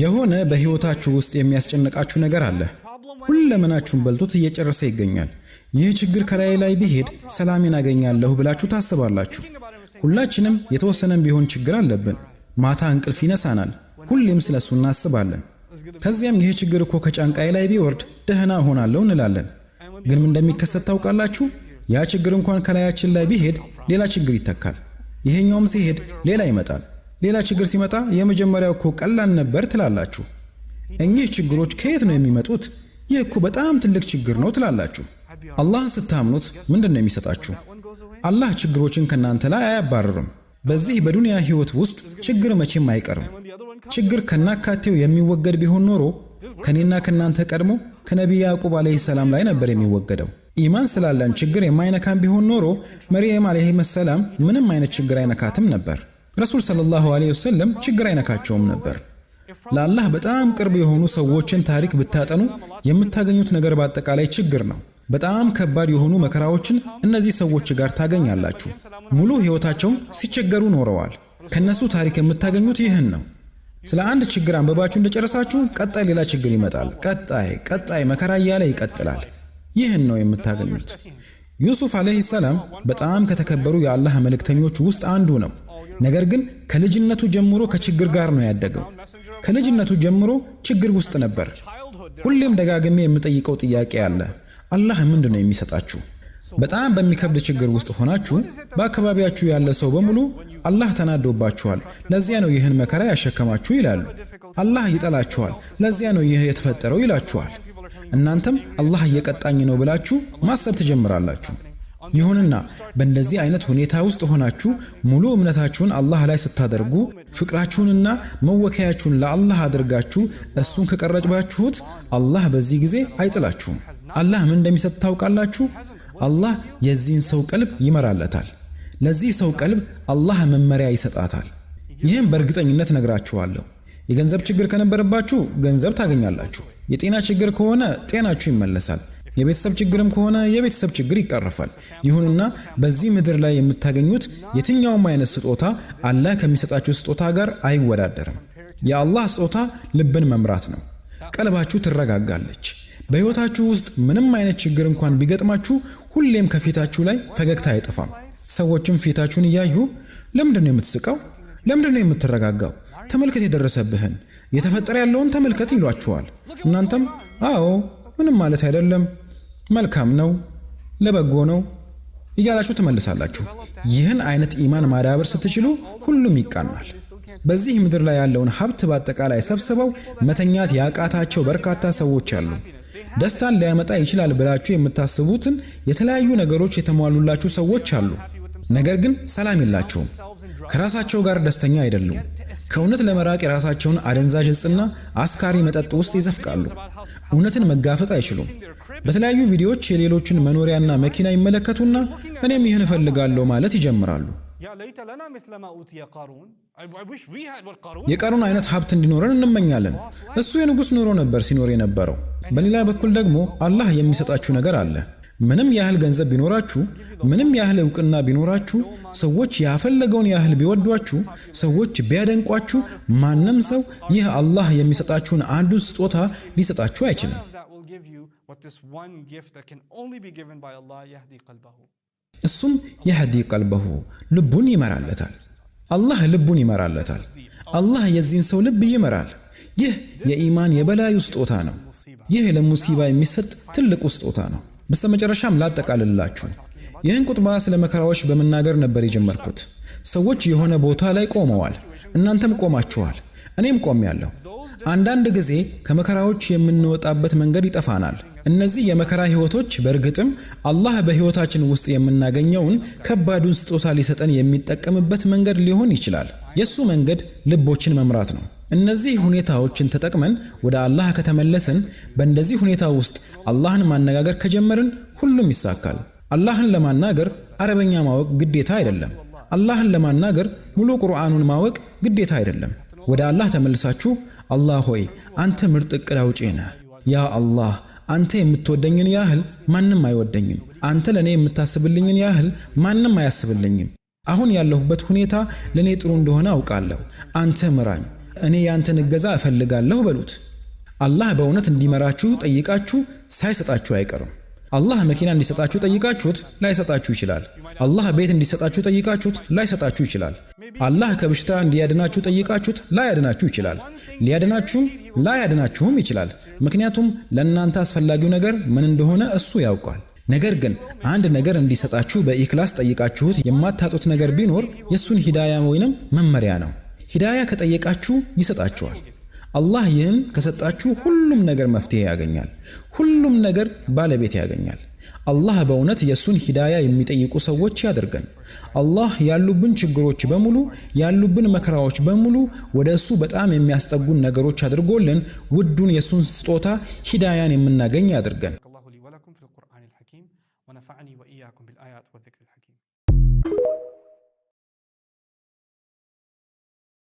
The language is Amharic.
የሆነ በህይወታችሁ ውስጥ የሚያስጨንቃችሁ ነገር አለ። ሁለመናችሁን በልቶት እየጨረሰ ይገኛል። ይህ ችግር ከላይ ላይ ቢሄድ ሰላሜን አገኛለሁ ብላችሁ ታስባላችሁ። ሁላችንም የተወሰነም ቢሆን ችግር አለብን። ማታ እንቅልፍ ይነሳናል። ሁሌም ስለሱ እናስባለን። ከዚያም ይህ ችግር እኮ ከጫንቃዬ ላይ ቢወርድ ደህና እሆናለሁ እንላለን። ግን ምን እንደሚከሰት ታውቃላችሁ? ያ ችግር እንኳን ከላያችን ላይ ቢሄድ ሌላ ችግር ይተካል። ይሄኛውም ሲሄድ ሌላ ይመጣል። ሌላ ችግር ሲመጣ የመጀመሪያው እኮ ቀላል ነበር ትላላችሁ። እኚህ ችግሮች ከየት ነው የሚመጡት? ይህ እኮ በጣም ትልቅ ችግር ነው ትላላችሁ። አላህን ስታምኑት ምንድን ነው የሚሰጣችሁ? አላህ ችግሮችን ከእናንተ ላይ አያባርርም። በዚህ በዱንያ ህይወት ውስጥ ችግር መቼም አይቀርም። ችግር ከናካቴው የሚወገድ ቢሆን ኖሮ ከኔና ከእናንተ ቀድሞ ከነቢይ ያዕቁብ ዓለይሂ ሰላም ላይ ነበር የሚወገደው። ኢማን ስላለን ችግር የማይነካን ቢሆን ኖሮ መርየም ዓለይሂ ሰላም ምንም አይነት ችግር አይነካትም ነበር። ረሱል ሰለላሁ ዐለይሂ ወሰለም ችግር አይነካቸውም ነበር። ለአላህ በጣም ቅርብ የሆኑ ሰዎችን ታሪክ ብታጠኑ የምታገኙት ነገር በአጠቃላይ ችግር ነው። በጣም ከባድ የሆኑ መከራዎችን እነዚህ ሰዎች ጋር ታገኛላችሁ። ሙሉ ሕይወታቸውን ሲቸገሩ ኖረዋል። ከነሱ ታሪክ የምታገኙት ይህን ነው። ስለ አንድ ችግር አንብባችሁ እንደጨረሳችሁ ቀጣይ ሌላ ችግር ይመጣል። ቀጣይ ቀጣይ መከራ እያለ ይቀጥላል። ይህን ነው የምታገኙት። ዩሱፍ ዓለይሂ ሰላም በጣም ከተከበሩ የአላህ መልእክተኞች ውስጥ አንዱ ነው። ነገር ግን ከልጅነቱ ጀምሮ ከችግር ጋር ነው ያደገው። ከልጅነቱ ጀምሮ ችግር ውስጥ ነበር። ሁሌም ደጋግሜ የምጠይቀው ጥያቄ አለ፣ አላህ ምንድን ነው የሚሰጣችሁ? በጣም በሚከብድ ችግር ውስጥ ሆናችሁ በአካባቢያችሁ ያለ ሰው በሙሉ አላህ ተናዶባችኋል፣ ለዚያ ነው ይህን መከራ ያሸከማችሁ ይላሉ። አላህ ይጠላችኋል፣ ለዚያ ነው ይህ የተፈጠረው ይላችኋል። እናንተም አላህ እየቀጣኝ ነው ብላችሁ ማሰብ ትጀምራላችሁ። ይሁንና በእንደዚህ አይነት ሁኔታ ውስጥ ሆናችሁ ሙሉ እምነታችሁን አላህ ላይ ስታደርጉ ፍቅራችሁንና መወከያችሁን ለአላህ አድርጋችሁ እሱን ከቀረጭባችሁት አላህ በዚህ ጊዜ አይጥላችሁም። አላህ ምን እንደሚሰጥ ታውቃላችሁ? አላህ የዚህን ሰው ቀልብ ይመራለታል። ለዚህ ሰው ቀልብ አላህ መመሪያ ይሰጣታል። ይህም በእርግጠኝነት ነግራችኋለሁ። የገንዘብ ችግር ከነበረባችሁ ገንዘብ ታገኛላችሁ። የጤና ችግር ከሆነ ጤናችሁ ይመለሳል። የቤተሰብ ችግርም ከሆነ የቤተሰብ ችግር ይቀረፋል። ይሁንና በዚህ ምድር ላይ የምታገኙት የትኛውም አይነት ስጦታ አላህ ከሚሰጣችሁ ስጦታ ጋር አይወዳደርም። የአላህ ስጦታ ልብን መምራት ነው። ቀልባችሁ ትረጋጋለች። በሕይወታችሁ ውስጥ ምንም አይነት ችግር እንኳን ቢገጥማችሁ ሁሌም ከፊታችሁ ላይ ፈገግታ አይጠፋም። ሰዎችም ፊታችሁን እያዩ ለምንድን ነው የምትስቀው? ለምንድን ነው የምትረጋጋው? ተመልከት የደረሰብህን፣ እየተፈጠረ ያለውን ተመልከት ይሏችኋል። እናንተም አዎ ምንም ማለት አይደለም መልካም ነው፣ ለበጎ ነው እያላችሁ ትመልሳላችሁ። ይህን አይነት ኢማን ማዳበር ስትችሉ ሁሉም ይቃናል። በዚህ ምድር ላይ ያለውን ሀብት በአጠቃላይ ሰብስበው መተኛት ያቃታቸው በርካታ ሰዎች አሉ። ደስታን ሊያመጣ ይችላል ብላችሁ የምታስቡትን የተለያዩ ነገሮች የተሟሉላችሁ ሰዎች አሉ። ነገር ግን ሰላም የላቸውም። ከራሳቸው ጋር ደስተኛ አይደሉም። ከእውነት ለመራቅ የራሳቸውን አደንዛዥ እጽና አስካሪ መጠጥ ውስጥ ይዘፍቃሉ። እውነትን መጋፈጥ አይችሉም። በተለያዩ ቪዲዮዎች የሌሎችን መኖሪያና መኪና ይመለከቱና እኔም ይህን እፈልጋለሁ ማለት ይጀምራሉ። የቀሩን አይነት ሀብት እንዲኖረን እንመኛለን። እሱ የንጉሥ ኑሮ ነበር ሲኖር የነበረው። በሌላ በኩል ደግሞ አላህ የሚሰጣችሁ ነገር አለ። ምንም ያህል ገንዘብ ቢኖራችሁ፣ ምንም ያህል እውቅና ቢኖራችሁ፣ ሰዎች ያፈለገውን ያህል ቢወዷችሁ፣ ሰዎች ቢያደንቋችሁ፣ ማንም ሰው ይህ አላህ የሚሰጣችሁን አንዱን ስጦታ ሊሰጣችሁ አይችልም። this one gift that can only be given by Allah Yahdi Qalbahu. እሱም የህዲ ቀልበሁ ልቡን ይመራለታል። አላህ ልቡን ይመራለታል። አላህ የዚህን ሰው ልብ ይመራል። ይህ የኢማን የበላዩ ስጦታ ነው። ይህ ለሙሲባ የሚሰጥ ትልቁ ስጦታ ነው። በስተመጨረሻም ላጠቃልላችሁ ይህን ቁጥባ ስለ መከራዎች በመናገር ነበር የጀመርኩት። ሰዎች የሆነ ቦታ ላይ ቆመዋል። እናንተም ቆማችኋል። እኔም ቆሜያለሁ። አንዳንድ ጊዜ ከመከራዎች የምንወጣበት መንገድ ይጠፋናል። እነዚህ የመከራ ህይወቶች በእርግጥም አላህ በህይወታችን ውስጥ የምናገኘውን ከባዱን ስጦታ ሊሰጠን የሚጠቀምበት መንገድ ሊሆን ይችላል። የሱ መንገድ ልቦችን መምራት ነው። እነዚህ ሁኔታዎችን ተጠቅመን ወደ አላህ ከተመለስን፣ በእንደዚህ ሁኔታ ውስጥ አላህን ማነጋገር ከጀመርን ሁሉም ይሳካል። አላህን ለማናገር አረበኛ ማወቅ ግዴታ አይደለም። አላህን ለማናገር ሙሉ ቁርአኑን ማወቅ ግዴታ አይደለም። ወደ አላህ ተመልሳችሁ አላህ ሆይ አንተ ምርጥ ዕቅድ አውጪ ነህ ያ አላህ አንተ የምትወደኝን ያህል ማንም አይወደኝም። አንተ ለእኔ የምታስብልኝን ያህል ማንም አያስብልኝም። አሁን ያለሁበት ሁኔታ ለእኔ ጥሩ እንደሆነ አውቃለሁ። አንተ ምራኝ፣ እኔ ያንተን እገዛ እፈልጋለሁ በሉት። አላህ በእውነት እንዲመራችሁ ጠይቃችሁ ሳይሰጣችሁ አይቀርም። አላህ መኪና እንዲሰጣችሁ ጠይቃችሁት ላይሰጣችሁ ይችላል። አላህ ቤት እንዲሰጣችሁ ጠይቃችሁት ላይሰጣችሁ ይችላል። አላህ ከበሽታ እንዲያድናችሁ ጠይቃችሁት ላያድናችሁ ይችላል። ሊያድናችሁም ላያድናችሁም ይችላል። ምክንያቱም ለእናንተ አስፈላጊው ነገር ምን እንደሆነ እሱ ያውቃል። ነገር ግን አንድ ነገር እንዲሰጣችሁ በኢክላስ ጠይቃችሁት የማታጡት ነገር ቢኖር የእሱን ሂዳያ ወይንም መመሪያ ነው። ሂዳያ ከጠየቃችሁ ይሰጣችኋል። አላህ ይህን ከሰጣችሁ ሁሉም ነገር መፍትሄ ያገኛል። ሁሉም ነገር ባለቤት ያገኛል። አላህ በእውነት የእሱን ሂዳያ የሚጠይቁ ሰዎች ያደርገን። አላህ ያሉብን ችግሮች በሙሉ ያሉብን መከራዎች በሙሉ ወደ እሱ በጣም የሚያስጠጉን ነገሮች አድርጎልን ውዱን የእሱን ስጦታ ሂዳያን የምናገኝ ያደርገን። ونفعني وإياكم بالآيات والذكر الحكيم